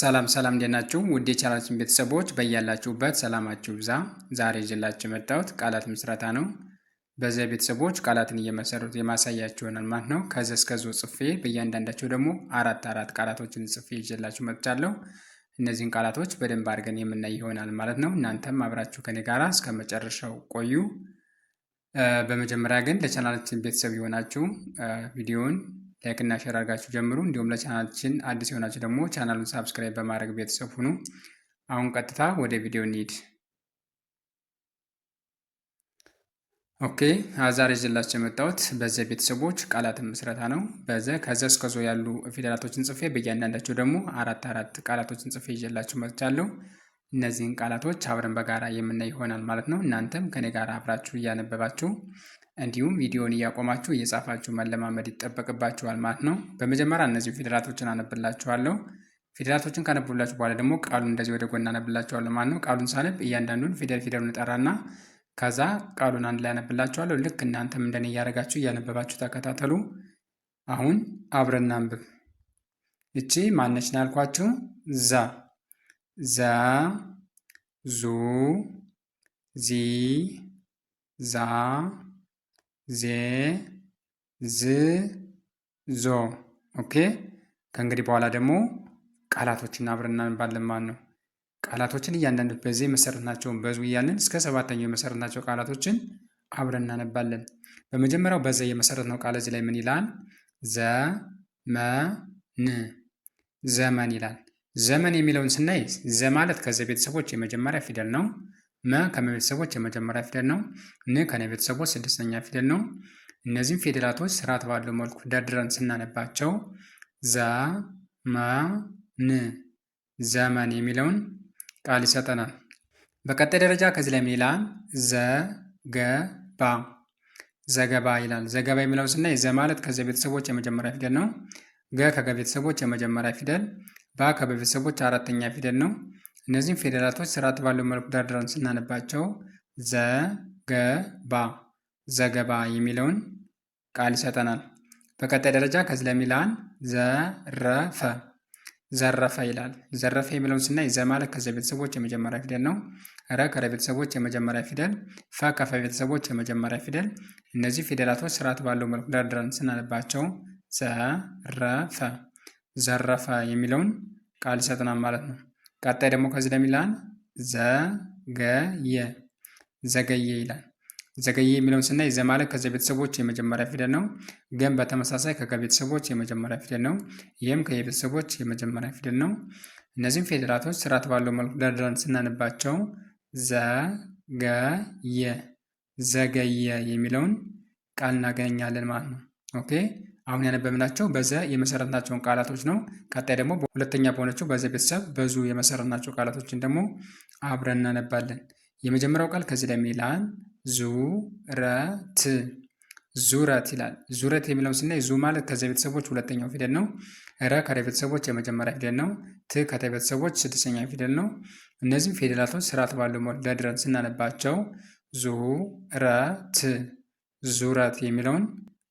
ሰላም ሰላም እንዴት ናችሁ? ውድ የቻናላችን ቤተሰቦች በያላችሁበት ሰላማችሁ ብዛ። ዛሬ ይዤላችሁ የመጣሁት ቃላት ምስረታ ነው። በዚያ ቤተሰቦች ቃላትን እየመሰሩት የማሳያችሁ ይሆናል ማለት ነው። ከዚ እስከ ጽፌ በእያንዳንዳቸው ደግሞ አራት አራት ቃላቶችን ጽፌ ይዤላችሁ መጥቻለሁ። እነዚህን ቃላቶች በደንብ አድርገን የምናይ ይሆናል ማለት ነው። እናንተም አብራችሁ ከኔ ጋር እስከ መጨረሻው ቆዩ። በመጀመሪያ ግን ለቻናላችን ቤተሰብ የሆናችሁ ቪዲዮውን ላይክ እና ሼር አድርጋችሁ ጀምሩ። እንዲሁም ለቻናላችን አዲስ የሆናችሁ ደግሞ ቻናሉን ሳብስክራይብ በማድረግ ቤተሰብ ሁኑ። አሁን ቀጥታ ወደ ቪዲዮ እንሂድ። ኦኬ አዛሬ ይዤላችሁ የመጣሁት በዘ ቤተሰቦች ቃላትን ምስረታ ነው። በዘ ከዘ እስከ ዞ ያሉ ፊደላቶችን ጽፌ በእያንዳንዳቸው ደግሞ አራት አራት ቃላቶችን ጽፌ ይዤላችሁ መጥቻለሁ። እነዚህን ቃላቶች አብረን በጋራ የምናይ ይሆናል ማለት ነው። እናንተም ከኔ ጋር አብራችሁ እያነበባችሁ እንዲሁም ቪዲዮውን እያቆማችሁ እየጻፋችሁ መለማመድ ይጠበቅባችኋል ማለት ነው። በመጀመሪያ እነዚህ ፊደላቶችን አነብላችኋለሁ። ፊደላቶችን ካነብላችሁ በኋላ ደግሞ ቃሉን እንደዚህ ወደ ጎን አነብላችኋለሁ ማለት ነው። ቃሉን ሳነብ እያንዳንዱን ፊደል ፊደሉን እጠራና ከዛ ቃሉን አንድ ላይ አነብላችኋለሁ። ልክ እናንተም እንደኔ እያደረጋችሁ እያነበባችሁ ተከታተሉ። አሁን አብረን እናንብብ። እቺ ማነች ነው ያልኳችሁ? ዛ ዛ ዙ ዚ ዛ ዜ ዝ ዞ። ኦኬ። ከእንግዲህ በኋላ ደግሞ ቃላቶችን አብረን እናነባለን ማለት ነው። ቃላቶችን እያንዳንዱ በዚህ መሰረት ናቸውን በዙ እያለን እስከ ሰባተኛው የመሰረት ናቸው ቃላቶችን አብረን እናነባለን። በመጀመሪያው በዘ የመሰረት ነው ቃል እዚህ ላይ ምን ይላል? ዘመን ዘመን ይላል። ዘመን የሚለውን ስናይ ዘ ማለት ከዘ ቤተሰቦች የመጀመሪያ ፊደል ነው። መ ከመ ቤተሰቦች የመጀመሪያ ፊደል ነው። ን ከነ ቤተሰቦች ስድስተኛ ፊደል ነው። እነዚህም ፊደላቶች ስርዓት ባለው መልኩ ደርድረን ስናነባቸው ዘ መ ን ዘመን የሚለውን ቃል ይሰጠናል። በቀጣይ ደረጃ ከዚህ ላይ ሌላ ዘገባ ዘገባ ይላል። ዘገባ የሚለውን ስናይ ዘ ማለት ከዘ ቤተሰቦች የመጀመሪያ ፊደል ነው። ገ ከገ ቤተሰቦች የመጀመሪያ ፊደል ባ ከቤተሰቦች አራተኛ ፊደል ነው። እነዚህም ፊደላቶች ስርዓት ባለው መልኩ ደርድረን ስናነባቸው ዘገባ ዘገባ የሚለውን ቃል ይሰጠናል። በቀጣይ ደረጃ ከዚህ ለሚላን ዘረፈ ዘረፈ ይላል። ዘረፈ የሚለውን ስናይ ዘ ማለት ከዘ ቤተሰቦች የመጀመሪያ ፊደል ነው። ረ ከረ ቤተሰቦች የመጀመሪያ ፊደል፣ ፈ ከፈ ቤተሰቦች የመጀመሪያ ፊደል። እነዚህ ፊደላቶች ስርዓት ባለው መልኩ ደርድረን ስናነባቸው ዘረፈ ዘረፈ የሚለውን ቃል ይሰጥናል ማለት ነው። ቀጣይ ደግሞ ከዚህ ለሚላን ዘገየ ዘገየ ይላል። ዘገየ የሚለውን ስናይ ዘ ማለት ከዘ ቤተሰቦች የመጀመሪያ ፊደል ነው። ገን በተመሳሳይ ከገ ቤተሰቦች የመጀመሪያ ፊደል ነው። ይህም ከየ ቤተሰቦች የመጀመሪያ ፊደል ነው። እነዚህም ፊደላቶች ስርዓት ባለው መልኩ ደርድረን ስናንባቸው ዘገየ ዘገየ የሚለውን ቃል እናገኛለን ማለት ነው። ኦኬ አሁን ያነበብናቸው በዘ የመሰረትናቸውን ቃላቶች ነው። ቀጣይ ደግሞ ሁለተኛ በሆነችው በዘ ቤተሰብ በዙ የመሰረትናቸው ቃላቶችን ደግሞ አብረን እናነባለን። የመጀመሪያው ቃል ከዚህ ላይ ሚላን ዙረት ዙረት ይላል። ዙረት የሚለውን ስናይ ዙ ማለት ከዚ ቤተሰቦች ሁለተኛው ፊደል ነው። ረ ከረ ቤተሰቦች የመጀመሪያ ፊደል ነው። ት ከተ ቤተሰቦች ስድስተኛ ፊደል ነው። እነዚህም ፊደላቶች ስርዓት ባለው ለድረን ስናነባቸው ዙረት ዙረት የሚለውን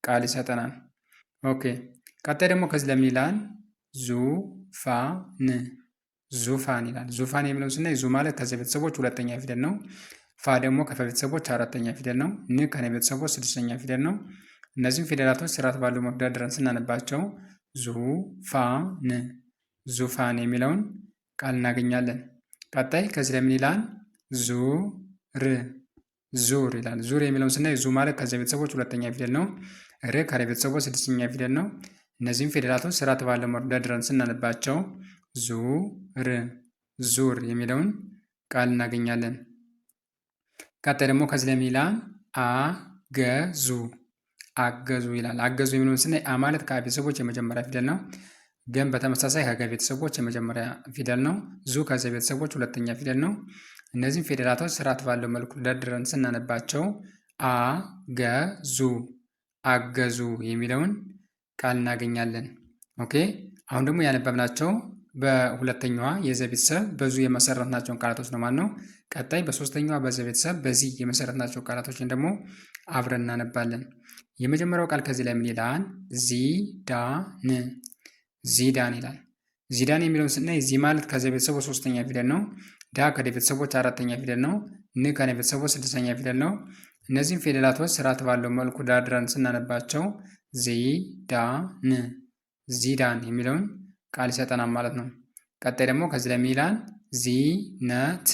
ቃል ይሰጠናል። ኦኬ ቀጣይ ደግሞ ከዚህ ለሚላን ዙፋን ዙፋን ይላል። ዙፋን የሚለውን ስናይ ዙ ማለት ከዚህ ቤተሰቦች ሁለተኛ ፊደል ነው። ፋ ደግሞ ከፈ ቤተሰቦች አራተኛ ፊደል ነው። ን ከነ ቤተሰቦች ስድስተኛ ፊደል ነው። እነዚህም ፊደላቶች ስርዓት ባለው መደርደረን ስናነባቸው ዙፋን ዙፋን የሚለውን ቃል እናገኛለን። ቀጣይ ከዚህ ለምን ይላል ዙር ዙር ይላል። ዙር የሚለውን ስናይ ዙ ማለት ከዚህ ቤተሰቦች ሁለተኛ ፊደል ነው። ር ካሬ ቤተሰቡ ስድስተኛ ፊደል ነው። እነዚህም ፊደላቶች ስርዓት ባለው መደርደረን ስናነባቸው ዙ ር ዙር የሚለውን ቃል እናገኛለን። ቀጣይ ደግሞ ከዚህ ለሚላ ሌላ አ ገ ዙ አገዙ ይላል። አገዙ የሚለውን ስናይ አ ማለት ከአ ቤተሰቦች የመጀመሪያ ፊደል ነው። ገን በተመሳሳይ ከገ ቤተሰቦች የመጀመሪያ ፊደል ነው። ዙ ከዘ ቤተሰቦች ሁለተኛ ፊደል ነው። እነዚህም ፊደላቶች ስርዓት ባለው መልኩ ደርድረን ስናነባቸው አገዙ አገዙ የሚለውን ቃል እናገኛለን። ኦኬ አሁን ደግሞ ያነበብናቸው በሁለተኛዋ የዘ ቤተሰብ በዙ የመሰረትናቸውን ቃላቶች ነው ማለት ነው። ቀጣይ በሶስተኛዋ በዘ ቤተሰብ በዚህ የመሰረትናቸው ቃላቶችን ደግሞ አብረን እናነባለን። የመጀመሪያው ቃል ከዚህ ላይ ምን ይላል? ዚዳን ዚዳን ይላል። ዚዳን የሚለውን ስናይ ዚ ማለት ከዘ ቤተሰቦች ሶስተኛ ፊደል ነው። ዳ ከደ ቤተሰቦች አራተኛ ፊደል ነው። ን ከነ ቤተሰቦች ስድስተኛ ፊደል ነው። እነዚህም ፊደላቶች ስርዓት ባለው መልኩ ዳርድረን ስናነባቸው ዚዳን ዚዳን የሚለውን ቃል ይሰጠናል ማለት ነው። ቀጣይ ደግሞ ከዚህ ላይ ሚላን ዚነት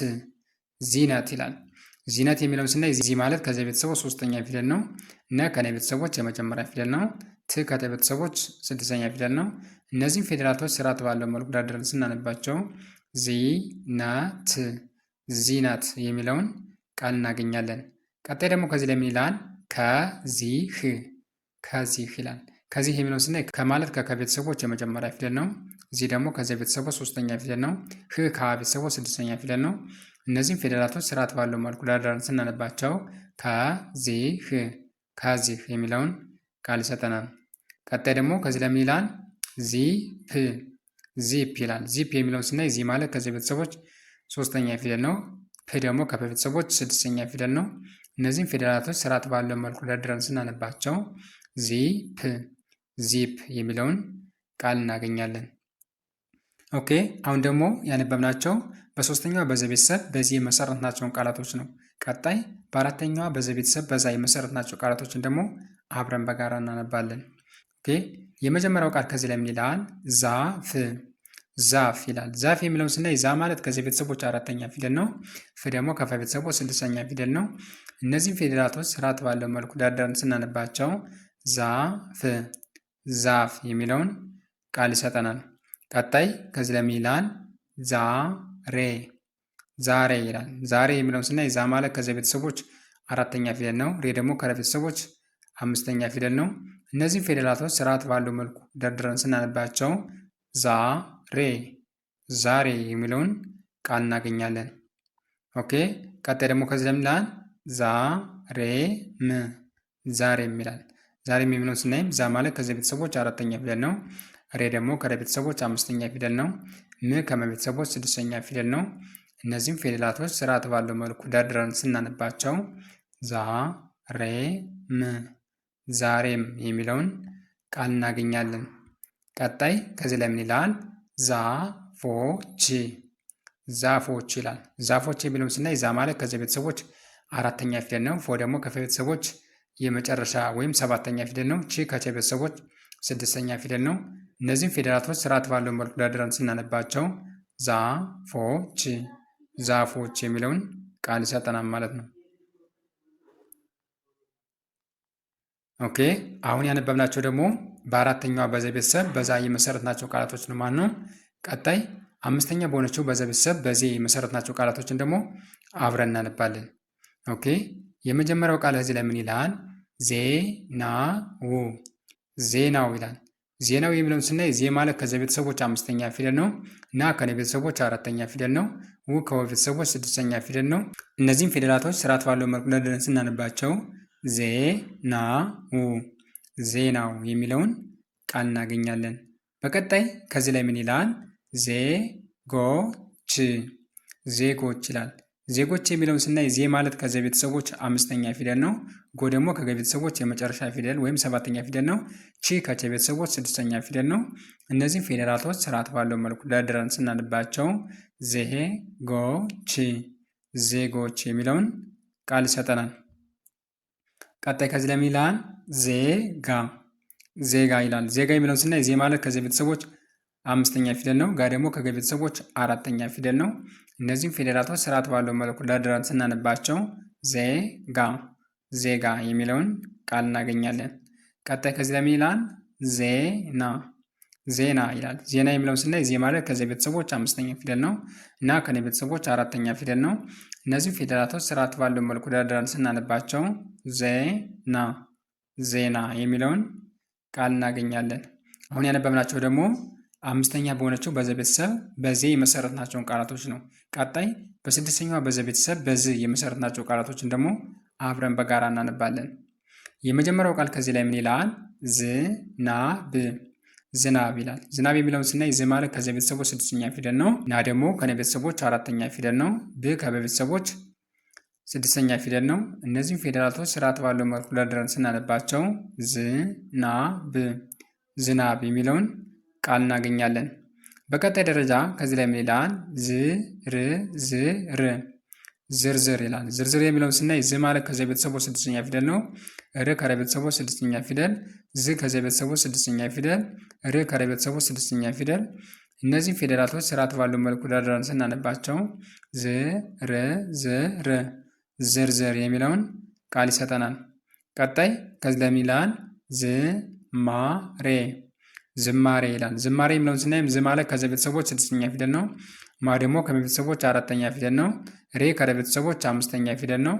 ዚነት ይላል። ዚነት የሚለውን ስናይ ዚ ማለት ከዚ ቤተሰቦች ሶስተኛ ፊደል ነው። ነ ከነ ቤተሰቦች የመጀመሪያ ፊደል ነው። ት ከተ ቤተሰቦች ስድስተኛ ፊደል ነው። እነዚህም ፊደላቶች ስርዓት ባለው መልኩ ዳርድረን ስናነባቸው ዚነት ዚነት የሚለውን ቃል እናገኛለን። ቀጣይ ደግሞ ከዚህ ለምን ይላል? ከዚህ ከዚህ ይላል። ከዚህ የሚለው ስናይ ከማለት ከቤተሰቦች የመጀመሪያ ፊደል ነው። እዚህ ደግሞ ከዚያ ቤተሰቦች ሶስተኛ ፊደል ነው። ህ ከቤተሰቦች ስድስተኛ ፊደል ነው። እነዚህም ፊደላቶች ስርዓት ባለው መልኩ ዳርዳርን ስናነባቸው ከዚህ ከዚህ የሚለውን ቃል ይሰጠናል። ቀጣይ ደግሞ ከዚህ ለምን ይላል? ዚፕ ዚፕ ይላል። ዚፕ የሚለውን ስናይ ዚ ማለት ከዚያ ቤተሰቦች ሶስተኛ ፊደል ነው። ፕ ደግሞ ከቤተሰቦች ስድስተኛ ፊደል ነው። እነዚህም ፊደላቶች ስርዓት ባለው መልኩ ደርድረን ስናነባቸው ዚፕ ዚፕ የሚለውን ቃል እናገኛለን። ኦኬ አሁን ደግሞ ያነበብናቸው በሶስተኛዋ በዘ ቤተሰብ በዚህ የመሰረትናቸውን ቃላቶች ነው። ቀጣይ በአራተኛዋ በዘ ቤተሰብ በዛ የመሰረትናቸው ቃላቶችን ደግሞ አብረን በጋራ እናነባለን። ኦኬ የመጀመሪያው ቃል ከዚህ ላይ ምን ይላል? ዛፍ ዛፍ ይላል። ዛፍ የሚለውን ስናይ ዛ ማለት ከዚህ ቤተሰቦች አራተኛ ፊደል ነው። ፍ ደግሞ ከፈ ቤተሰቦች ስድስተኛ ፊደል ነው። እነዚህም ፊደላቶች ስርዓት ባለው መልኩ ዳርዳርን ስናነባቸው ዛፍ ዛፍ የሚለውን ቃል ይሰጠናል። ቀጣይ ከዚህ ለሚ ይላል ዛሬ ዛሬ ይላል። ዛሬ የሚለውን ስናይ ዛ ማለት ከዚህ ቤተሰቦች አራተኛ ፊደል ነው። ሬ ደግሞ ከረ ቤተሰቦች አምስተኛ ፊደል ነው። እነዚህም ፊደላቶች ስርዓት ባለው መልኩ ደርድረን ስናነባቸው ዛ ሬ ዛሬ የሚለውን ቃል እናገኛለን። ኦኬ ቀጣይ ደግሞ ከዚህ ለምላን ም ዛሬ የሚላል ዛሬም የሚለውን ስናይም ዛ ማለት ከዚህ ቤተሰቦች አራተኛ ፊደል ነው። ሬ ደግሞ ከረ ቤተሰቦች አምስተኛ ፊደል ነው። ም ከመ ቤተሰቦች ስድስተኛ ፊደል ነው። እነዚህም ፊደላቶች ስርዓት ባለው መልኩ ደርድረን ስናነባቸው ዛ ሬ ም ዛሬም የሚለውን ቃል እናገኛለን። ቀጣይ ከዚህ ላይ ይላል? ዛፎች ዛፎች ይላል። ዛፎች የሚለውን ስናይ ዛ ማለት ከዚህ ቤተሰቦች አራተኛ ፊደል ነው። ፎ ደግሞ ከፈ ቤተሰቦች የመጨረሻ ወይም ሰባተኛ ፊደል ነው። ቺ ከቼ ቤተሰቦች ስድስተኛ ፊደል ነው። እነዚህም ፊደላቶች ስርዓት ባለው መልኩ ደርድረን ስናነባቸው ዛፎች ዛፎች የሚለውን ቃል ይሰጠናል ማለት ነው። ኦኬ አሁን ያነበብናቸው ደግሞ በአራተኛዋ በዘ ቤተሰብ በዛ የመሰረትናቸው ቃላቶችን ማን ነው? ቀጣይ አምስተኛ በሆነችው በዘ ቤተሰብ የመሰረት የመሰረትናቸው ቃላቶችን ደግሞ አብረን እናነባለን። ኦኬ የመጀመሪያው ቃል እዚህ ለምን ይላል? ዜናው ዜናው ይላል። ዜናው የሚለውን ስናይ ዜ ማለት ከዘ ቤተሰቦች አምስተኛ ፊደል ነው። ና ከነ ቤተሰቦች አራተኛ ፊደል ነው። ው ከወ ቤተሰቦች ስድስተኛ ፊደል ነው። እነዚህም ፊደላቶች ስርዓት ባለው መልኩ ደርድረን ስናነባቸው ዜናው ዜናው የሚለውን ቃል እናገኛለን። በቀጣይ ከዚህ ላይ ምን ይላል? ዜጎች ዜጎች ይላል። ዜጎች የሚለውን ስናይ ዜ ማለት ከዘ ቤተሰቦች አምስተኛ ፊደል ነው። ጎ ደግሞ ከገ ቤተሰቦች የመጨረሻ ፊደል ወይም ሰባተኛ ፊደል ነው። ቺ ከቸ ቤተሰቦች ስድስተኛ ፊደል ነው። እነዚህም ፊደላቶች ስርዓት ባለው መልኩ ደርድረን ስናነባቸው ዜጎች ዜጎች የሚለውን ቃል ይሰጠናል። ቀጣይ ከዚህ ለምን ይላል? ዜጋ ዜጋ ይላል። ዜጋ የሚለውን ስናይ ዜ ማለት ከዚህ ቤተሰቦች አምስተኛ ፊደል ነው። ጋ ደግሞ ከገ ቤተሰቦች አራተኛ ፊደል ነው። እነዚህም ፊደላቶች ስርዓት ባለው መልኩ ደርድረን ስናነባቸው ዜጋ ዜጋ የሚለውን ቃል እናገኛለን። ቀጣይ ከዚህ ለምን ይላል? ዜና ዜና ይላል። ዜና የሚለውን ስናይ ዜ ማለት ከዚ ቤተሰቦች አምስተኛ ፊደል ነው እና ከኔ ቤተሰቦች አራተኛ ፊደል ነው። እነዚህ ፊደላቶች ስርዓት ባለው መልኩ ደርድረን ስናነባቸው ዜና ዜና የሚለውን ቃል እናገኛለን። አሁን ያነበብናቸው ደግሞ አምስተኛ በሆነችው በዘ ቤተሰብ በዜ የመሰረትናቸውን ቃላቶች ነው። ቀጣይ በስድስተኛዋ በዘ ቤተሰብ በዝ የመሰረትናቸው ቃላቶችን ደግሞ አብረን በጋራ እናነባለን። የመጀመሪያው ቃል ከዚህ ላይ ምን ይላል? ዝናብ ዝናብ ይላል። ዝናብ የሚለውን ስናይ ዝ ማለት ከዚ ቤተሰቦች ስድስተኛ ፊደል ነው። ና ደግሞ ከነ ቤተሰቦች አራተኛ ፊደል ነው። ብ ከበቤተሰቦች ስድስተኛ ፊደል ነው። እነዚህም ፊደላቶች ስርዓት ባለው መልኩ ደርድረን ስናነባቸው ዝናብ ዝናብ የሚለውን ቃል እናገኛለን። በቀጣይ ደረጃ ከዚህ ላይ ምን ይላል? ዝርዝር ዝርዝር ይላል። ዝርዝር የሚለውን ስናይ ዝ ማለት ከዚ ቤተሰቦች ስድስተኛ ፊደል ነው። ር ከረ ቤተሰቦች ስድስተኛ ፊደል ዝ ከዘ ቤተሰቦች ስድስተኛ ፊደል ር ከረ ቤተሰቦች ስድስተኛ ፊደል። እነዚህ ፊደላቶች ስርዓት ባለው መልኩ ደርድረን ስናነባቸው ዝ ረ ዝ ረ ዘርዘር የሚለውን ቃል ይሰጠናል። ቀጣይ ከዚህ ለሚ ዝ ማ ሬ ዝማሬ ይላል። ዝማሬ የሚለውን ስናይም ዝ ማለት ከዘ ቤተሰቦች ስድስተኛ ፊደል ነው። ማ ደግሞ ከመ አራተኛ ፊደል ነው። ሬ ከረ ቤተሰቦች አምስተኛ ፊደል ነው።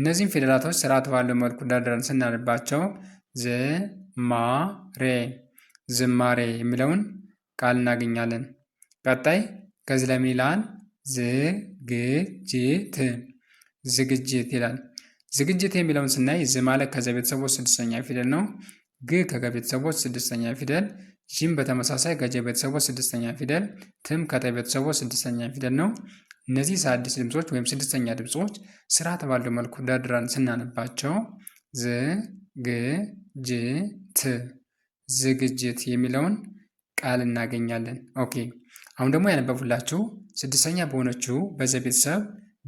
እነዚህም ፊደላቶች ስርዓት ባለው መልኩ ደርድረን ስናነባቸው ዝማሬ ዝማሬ የሚለውን ቃል እናገኛለን። ቀጣይ ከዚህ ለምን ይላል? ዝግጅት ዝግጅት ይላል። ዝግጅት የሚለውን ስናይ ዝ ማለት ከዘ ቤተሰቦች ስድስተኛ ፊደል ነው። ግ ከገ ቤተሰቦች ስድስተኛ ፊደል ዥም በተመሳሳይ ከጀ ቤተሰቦች ስድስተኛ ፊደል፣ ትም ከተ ቤተሰቦች ስድስተኛ ፊደል ነው። እነዚህ ስድስት ድምፆች ወይም ስድስተኛ ድምፆች ስርዓት ባለው መልኩ ደርድረን ስናነባቸው ዝ ግ ጅ ት ዝግጅት የሚለውን ቃል እናገኛለን። ኦኬ አሁን ደግሞ ያነበቡላችሁ ስድስተኛ በሆነችው በዘ ቤተሰብ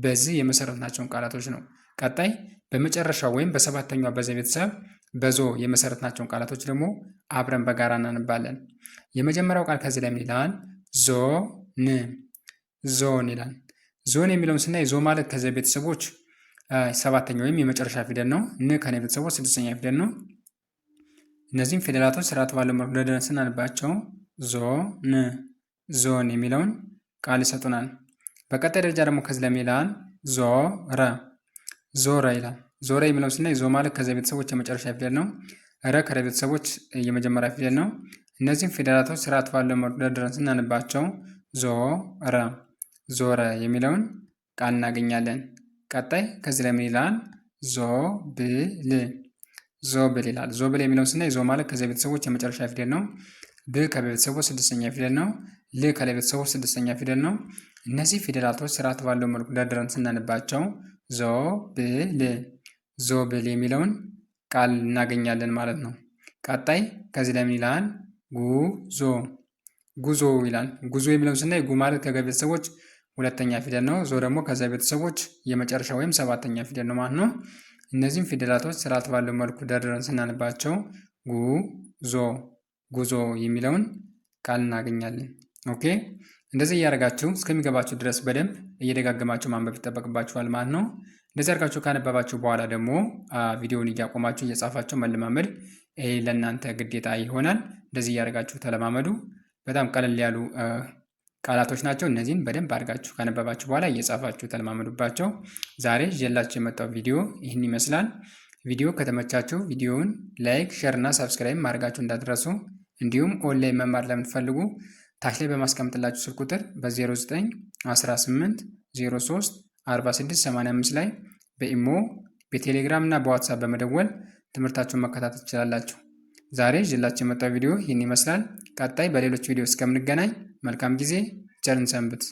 በዚህ የመሰረትናቸውን ቃላቶች ነው። ቀጣይ በመጨረሻው ወይም በሰባተኛው በዘ ቤተሰብ በዞ የመሰረትናቸውን ቃላቶች ደግሞ አብረን በጋራ እናንባለን። የመጀመሪያው ቃል ከዚህ ላይ ምን ይላል? ዞን ዞን ይላል። ዞን የሚለውን ስናይ ዞ ማለት ከዚህ ቤተሰቦች ሰባተኛ ወይም የመጨረሻ ፊደል ነው። ን ከኔ ቤተሰቦች ስድስተኛ ፊደል ነው። እነዚህም ፊደላቶች ስርዓት ባለ መልኩ ደርድረን ስናንባቸው ዞ ን ዞን የሚለውን ቃል ይሰጡናል። በቀጣይ ደረጃ ደግሞ ከዚህ ላይ ይላል? ዞ ረ ዞረ ይላል። ዞረ የሚለውን ስናይ ዞ ማለት ከዚያ ቤተሰቦች የመጨረሻ ፊደል ነው። ረ ከረቤተሰቦች የመጀመሪያ ፊደል ነው። እነዚህም ፊደላቶች ስርዓት ባለው መልኩ ደርድረን ስናነባቸው ዞ ረ ዞረ የሚለውን ቃል እናገኛለን። ቀጣይ ከዚህ ላይ ምን ይላል? ዞ ብል ዞ ብል ይላል። ዞ ብል የሚለውን ስናይ ዞ ማለት ከዚያ ቤተሰቦች የመጨረሻ ፊደል ነው። ብ ከቤተሰቦች ስድስተኛ ፊደል ነው። ል ከለቤተሰቦች ስድስተኛ ፊደል ነው። እነዚህ ፊደላቶች ስርዓት ባለው መልኩ ደርድረን ስናነባቸው ዞ ብል ዞ ብል የሚለውን ቃል እናገኛለን ማለት ነው። ቀጣይ ከዚህ ለምን ይላል ጉዞ ጉዞ ይላል። ጉዞ የሚለውን ስናይ ጉ ማለት ከገ ቤተሰቦች ሁለተኛ ፊደል ነው። ዞ ደግሞ ከዚያ ቤተሰቦች የመጨረሻ ወይም ሰባተኛ ፊደል ነው ማለት ነው። እነዚህም ፊደላቶች ስርዓት ባለው መልኩ ደርድረን ስናንባቸው ጉዞ ጉዞ የሚለውን ቃል እናገኛለን። ኦኬ እንደዚህ እያደረጋችሁ እስከሚገባችሁ ድረስ በደንብ እየደጋገማችሁ ማንበብ ይጠበቅባችኋል ማለት ነው። እንደዚህ አድርጋችሁ ካነበባችሁ በኋላ ደግሞ ቪዲዮውን እያቆማችሁ እየጻፋችሁ መለማመድ ለእናንተ ግዴታ ይሆናል። እንደዚህ እያደርጋችሁ ተለማመዱ። በጣም ቀለል ያሉ ቃላቶች ናቸው። እነዚህን በደንብ አድርጋችሁ ካነበባችሁ በኋላ እየጻፋችሁ ተለማመዱባቸው። ዛሬ ይዤላችሁ የመጣው ቪዲዮ ይህን ይመስላል። ቪዲዮ ከተመቻችሁ ቪዲዮውን ላይክ፣ ሼር እና ሰብስክራይብ ማድረጋችሁ እንዳትረሱ። እንዲሁም ኦንላይን መማር ለምትፈልጉ ታች ላይ በማስቀምጥላችሁ ስልክ ቁጥር በ0918 03 4685 ላይ በኢሞ በቴሌግራም እና በዋትሳፕ በመደወል ትምህርታችሁን መከታተል ትችላላችሁ። ዛሬ ይዤላችሁ የመጣው ቪዲዮ ይህን ይመስላል። ቀጣይ በሌሎች ቪዲዮ እስከምንገናኝ መልካም ጊዜ፣ ቸርን ሰንብት።